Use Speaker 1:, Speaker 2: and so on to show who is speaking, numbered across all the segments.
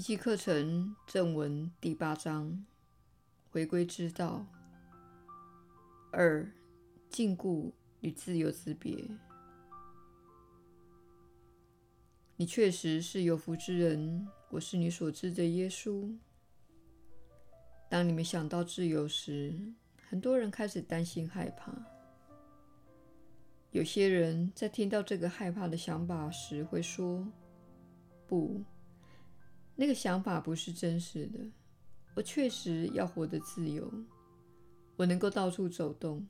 Speaker 1: 奇蹟課程正文第八章：回歸之道。二、禁錮與自由之別。你確實是有福之人，我是你所知的耶穌。當你們想到自由時，很多人開始擔心、害怕。有些人在聽到這個害怕的想法時，會說：“不。”那個想法不是真實的。我確實要活得自由，我能夠到處走動，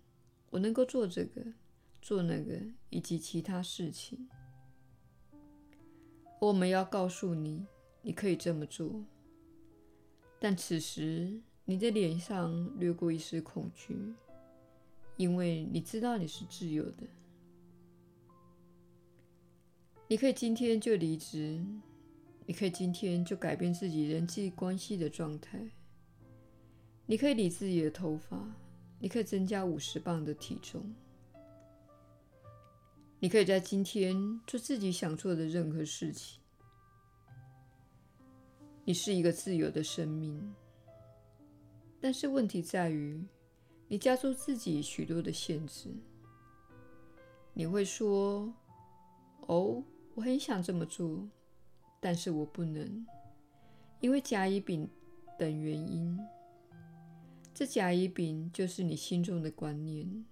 Speaker 1: 我能夠做這個、做那個以及其他事情。我們要告訴你，你可以這麼做。但此時你的臉上掠過一絲恐懼，因為你知道你是自由的。你可以今天就離職。你可以今天就改變自己人際關係的狀態。你可以理自己的頭髮，你可以增加五十磅的體重，你可以在今天做自己想做的任何事情。你是一個自由的生命，但是問題在於你加諸自己許多的限制。你會說：“哦，我很想這麼做。”但是我不能，因為甲乙丙等原因。這甲乙丙就是你心中的觀念，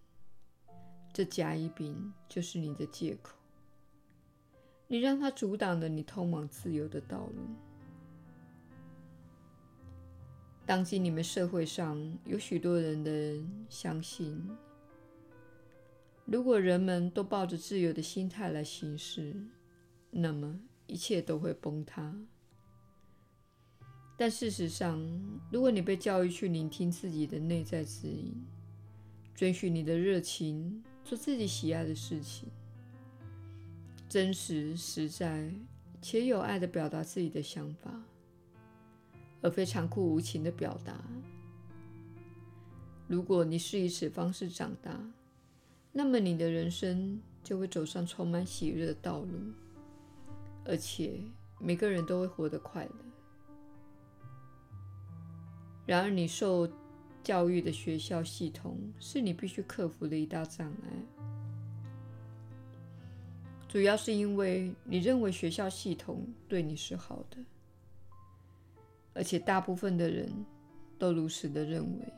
Speaker 1: 這甲乙丙就是你的借口，你讓它阻擋了你通往自由的道路。當今你們社會上有許多人的相信，如果人們都抱着自由的心態來行事，那麼，一切都會崩塌。但事實上，如果你被教育去聆聽自己的內在指引，遵循你的熱情，做自己喜愛的事情，真實、實在且有愛的表達自己的想法，而非殘酷無情的表達。如果你是以此方式長大，那麼你的人生就會走上充滿喜悅的道路。而且每個人都會活得快樂。然而，你受教育的學校系統是你必須克服的一大障礙，主要是因為你認為學校系統對你是好的，而且大部分的人都如此的認為。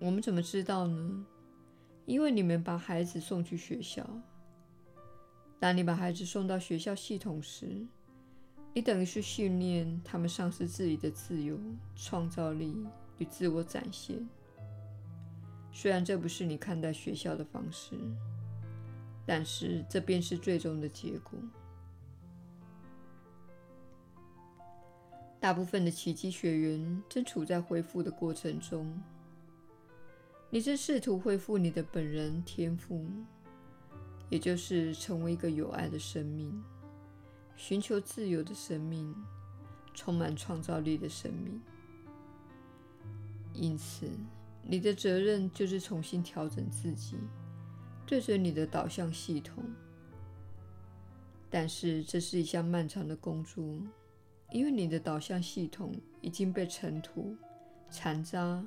Speaker 1: 我們怎麼知道呢？因為你們把孩子送去學校。當你把孩子送到學校系統時，你等於是訓練他們喪失自己的自由、創造力與自我展現。雖然這不是你看待學校的方式，但是這便是最終的結果。大部分的奇蹟學員正處在恢復的過程中，你正試圖恢復你的本然天賦，也就是成為一個有愛的生命，尋求自由的生命，充滿創造力的生命。因此，你的責任就是重新調整自己，對準你的導向系統。但是，這是一項漫長的工作，因為你的導向系統已經被塵土、殘渣、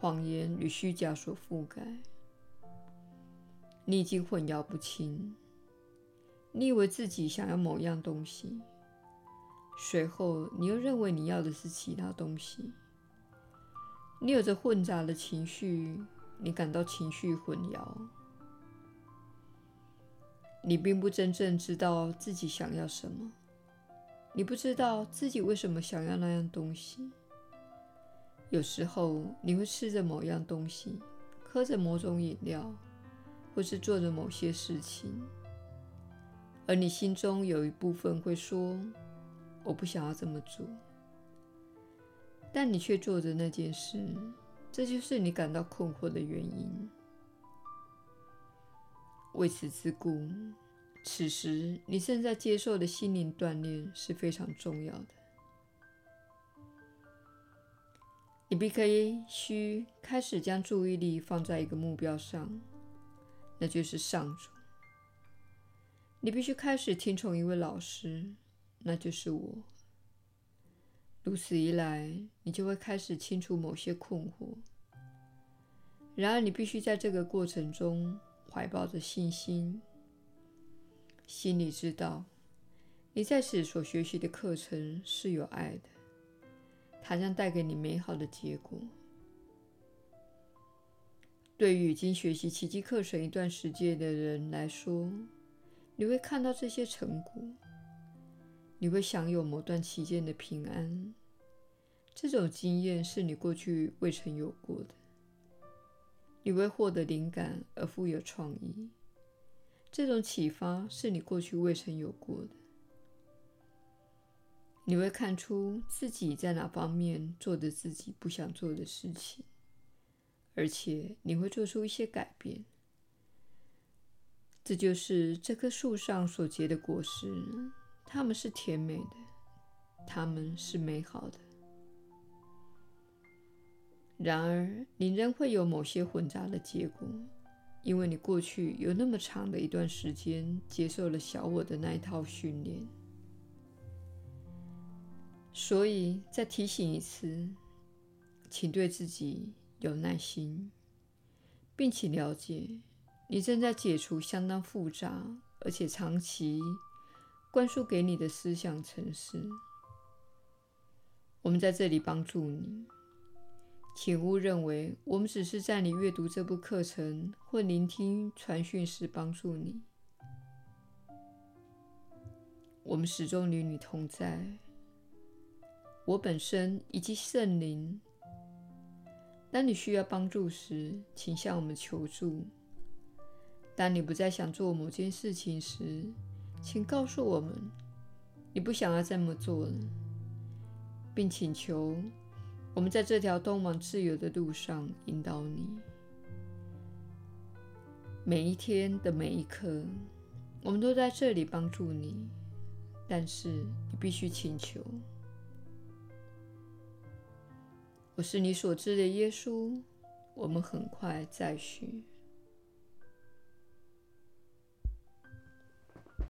Speaker 1: 謊言與虛假所覆蓋。你已經混淆不清。你以為自己想要某樣東西，隨後你又認為你要的是其他東西。你有着混雜的情緒，你感到情緒混淆。你並不真正知道自己想要什麼，你不知道自己為什麼想要那樣東西。有時候你會吃着某樣東西，喝着某種飲料。或是做着某些事情，而你心中有一部分會說：“我不想要這麼做。”但你卻做着那件事，這就是你感到困惑的原因。為此之故，此時你正在接受的心靈鍛鍊是非常重要的。你必須開始將注意力放在一個目標上。那就是上主，你必須開始聽從一位老師，那就是我。如此一來，你就會開始清除某些困惑。然而，你必須在這個過程中懷抱着信心，心裡知道你在此所學習的課程是有愛的，它將帶給你美好的結果。對於已經學習奇蹟課程一段時間的人來說，你會看到這些成果，你會享有某段期間的平安，這種經驗是你過去未曾有過的。你會獲得靈感而富有創意，這種啟發是你過去未曾有過的。你會看出自己在哪方面做着自己不想做的事情。而且你會做出一些改變，這就是這棵樹上所結的果實，它們是甜美的，它們是美好的。然而，你仍會有某些混雜的結果，因為你過去有那麼長的一段時間接受了小我的那一套訓練。所以，再提醒一次，請對自己，有耐心，並且了解你正在解除相當複雜而且長期灌輸給你的思想程式。我們在這裡幫助你，請勿認為我們只是在你閱讀這部課程或聆聽傳訊時幫助你。我們始終與你同在，我本身以及聖靈。當你需要幫助時，請向我們求助。當你不再想做某件事情時，請告訴我們你不想要這麼做了，並請求我們在這條通往自由的路上引導你。每一天的每一刻，我們都在這裡幫助你，但是你必須請求。我是你所知的耶穌，我們很快再敘。